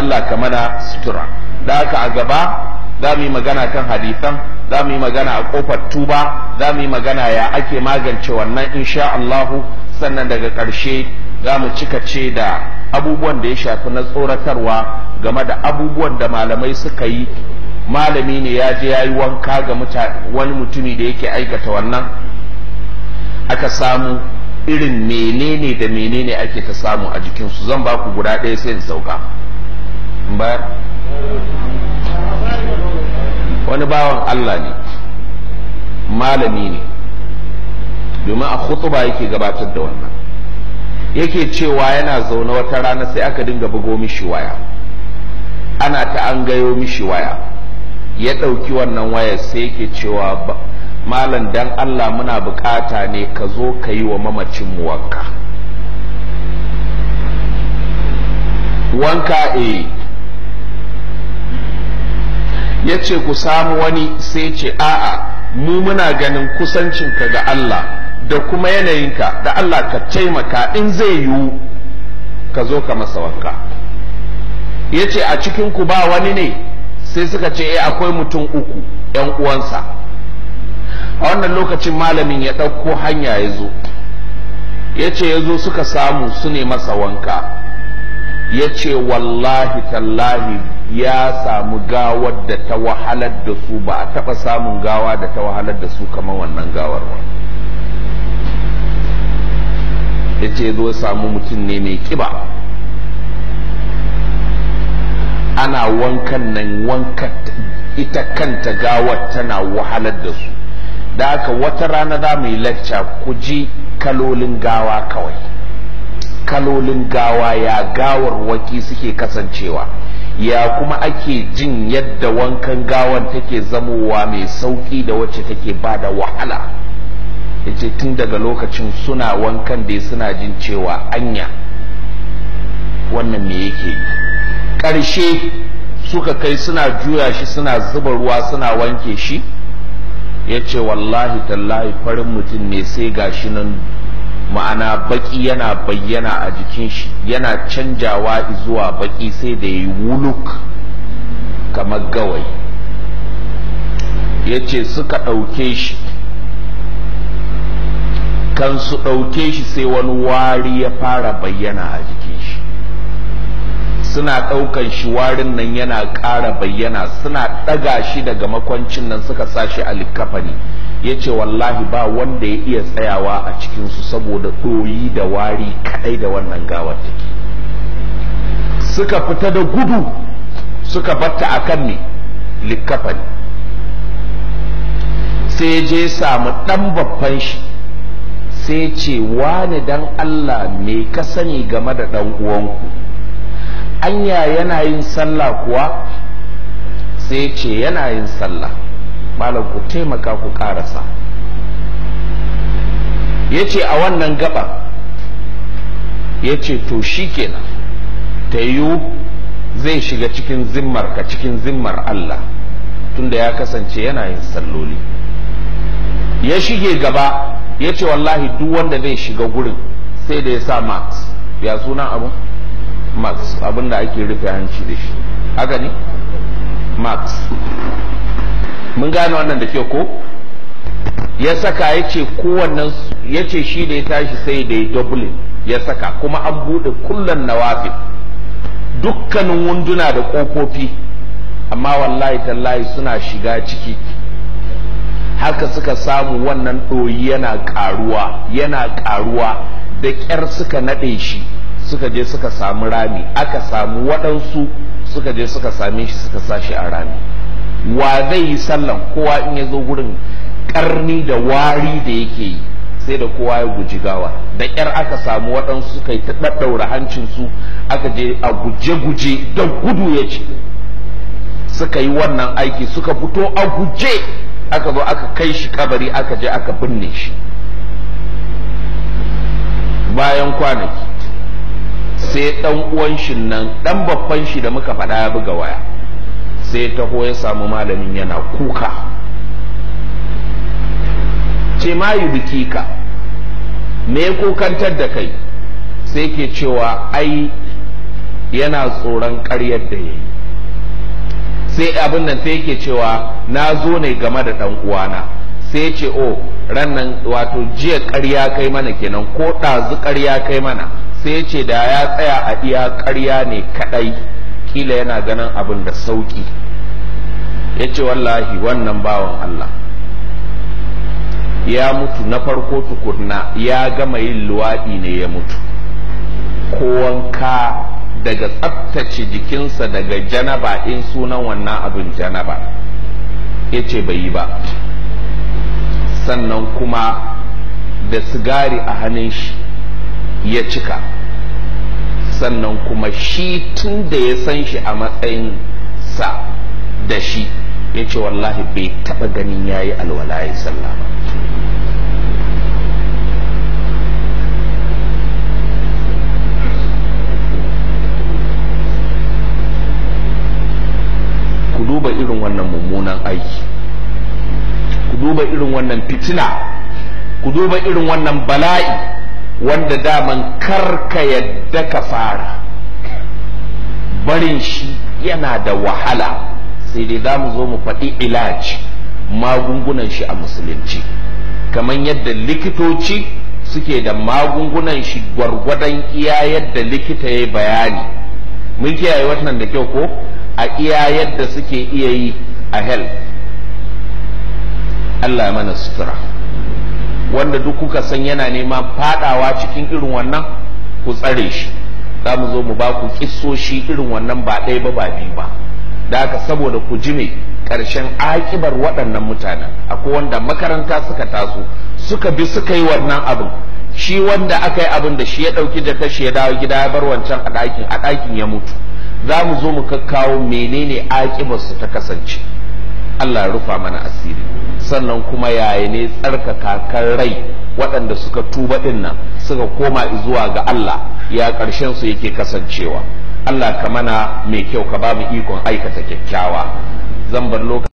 Allah ka mana sutura da aka a gaba za mu yi magana kan hadisan za mu yi magana a kofar tuba za mu yi magana ya ake magance wannan insha Allahu sannan daga ƙarshe za mu cika ce da abubuwan da ya shafi na tsoratarwa game da abubuwan da malamai suka yi malami ne ya je ya yi wanka ga wani mutumi da yake aikata wannan aka samu irin menene da menene ake ta samu a jikinsu zan ba ku guda ɗaya sai in sauka bayar wani bawan Allah ne malami ne domin a khutuba yake gabatar da wannan yake cewa yana zaune wata rana sai aka dinga bugo mishi waya ana ta an gayo mishi waya ya ɗauki wannan waya sai yake cewa malam dan Allah muna bukata ne ka zo ka yi wa mamacinmu wanka wanka eh ya ce ku samu wani sai ce a'a mu muna ganin kusancinka ga Allah da kuma yanayinka da Allah ka taimaka in zai yiwu ka zo ka masa wanka ya ce a cikinku ba wani ne sai suka ce eh akwai mutum uku ‘yan uwansa a wannan lokacin malamin ya ɗauko hanya ya zo ya ce ya zo suka samu su ne masa wanka ya ce wallahi tallahi ya samu gawar da ta wahalar da su ba a taɓa samun gawa da ta wahalar da su kamar wannan gawar ba ya ce zo samu mutum ne mai kiba ana wankan nan wanka ita kanta gawar tana wahalar da su da haka wata rana za mu yi lacca ku ji kalolin gawa kawai kalolin gawa ya gawar waki suke kasancewa ya kuma ake jin yadda wankan gawan take zamowa mai sauki da wacce take ba da wahala ce tun daga lokacin suna wankan da suna jin cewa anya wannan me yake ƙarshe suka kai suna juya shi suna zuba ruwa suna wanke shi ya ce wallahi tallahi farin mutum ne sai gashi nan ma'ana baki yana bayyana a jikin shi yana canjawa zuwa baki sai da yi wuluk kamar gawayi ya ce suka ɗauke shi kan su ɗauke shi sai wani wari ya fara bayyana a jikin shi suna ɗaukan shi warin nan yana ƙara bayyana suna ɗaga shi daga makwancin nan suka sa shi a ya ce wallahi ba wanda ya iya tsayawa a cikinsu saboda ɗoyi da wari kaɗai da wannan gawar take suka fita da gudu suka batta a kan ne likkafa ne sai je samu ɗan babban shi sai ce wani dan Allah me ka sani game da ɗan uwanku anya yana yin sallah kuwa sai ce yana yin sallah malam ku taimaka ku karasa ya ce a wannan gaba ya ce to shi kenan ta yiwu zai shiga cikin zimmar ka cikin zimmar Allah tunda ya kasance yana yin salloli ya shige gaba ya ce wallahi duk wanda zai shiga gurin sai da ya sa max ya suna abu max abinda ake rufe hanci da shi haka ne max mun gane wannan da ke ko ya saka ya ce kowannen ya ce shi da ya tashi sai da ya dublin ya saka kuma an buɗe kullum nawafi dukkanin wunduna da ƙofofi amma wallahi tallahi suna shiga ciki haka suka samu wannan ɗoyi yana ƙaruwa yana ƙaruwa da ƙyar suka naɗe shi suka je suka samu rami aka samu waɗansu suka je suka same shi suka sa shi a rami wa zai yi sallan kowa in ya zo gurin karni da wari da yake yi sai da kowa ya guji gawa da ƙyar aka samu waɗansu suka yi ta ɗaɗɗaura hancinsu aka je a guje-guje da gudu ya ce suka yi wannan aiki suka fito a guje aka zo aka kai shi kabari aka je aka binne shi bayan kwanaki sai ɗan uwan shi nan ɗan babban shi da muka faɗa ya buga waya sai taho ya samu malamin yana kuka ce ma yi ka me ya kukantar da kai sai ke cewa ai yana tsoron karyar da ya yi sai abin nan sai ke cewa na zo ne game da ɗan uwana sai ce o ran nan wato jiya karya kai mana kenan ko ɗazu karya kai mana sai ce da ya tsaya a iya karya ne kaɗai kila yana ganin abin da sauki ya ce wallahi wannan bawan Allah ya mutu na farko tukurna ya gama yin luwaɗi ne ya mutu ko wanka daga tsaftace jikinsa daga janaba in sunan wannan abin janaba ya ce bai yi ba sannan kuma da sigari a hannun shi ya cika sannan kuma shi tun da ya san shi a matsayin sa da shi ya ce wallahi bai taɓa ganin ya yi alwala ya sallah ba ku duba irin wannan mummunan aiki ku duba irin wannan fitina ku duba irin wannan bala'i wanda daman karka yadda ka fara barin shi yana da wahala sai dai za mu zo mu faɗi ilaci magungunan shi a musulunci kamar yadda likitoci suke da magungunan shi gwargwadon iya yadda likita ya bayani mun kiyaye wannan da kyau ko a iya yadda suke iya yi a health Allah ya mana sutura wanda duk kuka san yana neman fadawa cikin irin wannan ku tsare shi za mu zo mu ba ku kissoshi irin wannan ba ɗaya ba ba biyu ba da haka saboda ku jime ƙarshen akibar waɗannan mutanen akwai wanda makaranta suka taso suka bi suka yi wannan abin shi wanda aka yi abin da shi ya ɗauki jaka shi ya dawo gida ya bar wancan a ɗakin a ɗakin ya mutu za mu zo mu kakkawo menene su ta kasance Allah ya rufa mana asiri sannan kuma yaya ne tsarkaka kan rai waɗanda suka tuba ɗin nan suka koma zuwa ga Allah ya ƙarshen su yake kasancewa Allah ka mana mai kyau ka ba mu ikon aikata kyakkyawa zan bar lokaci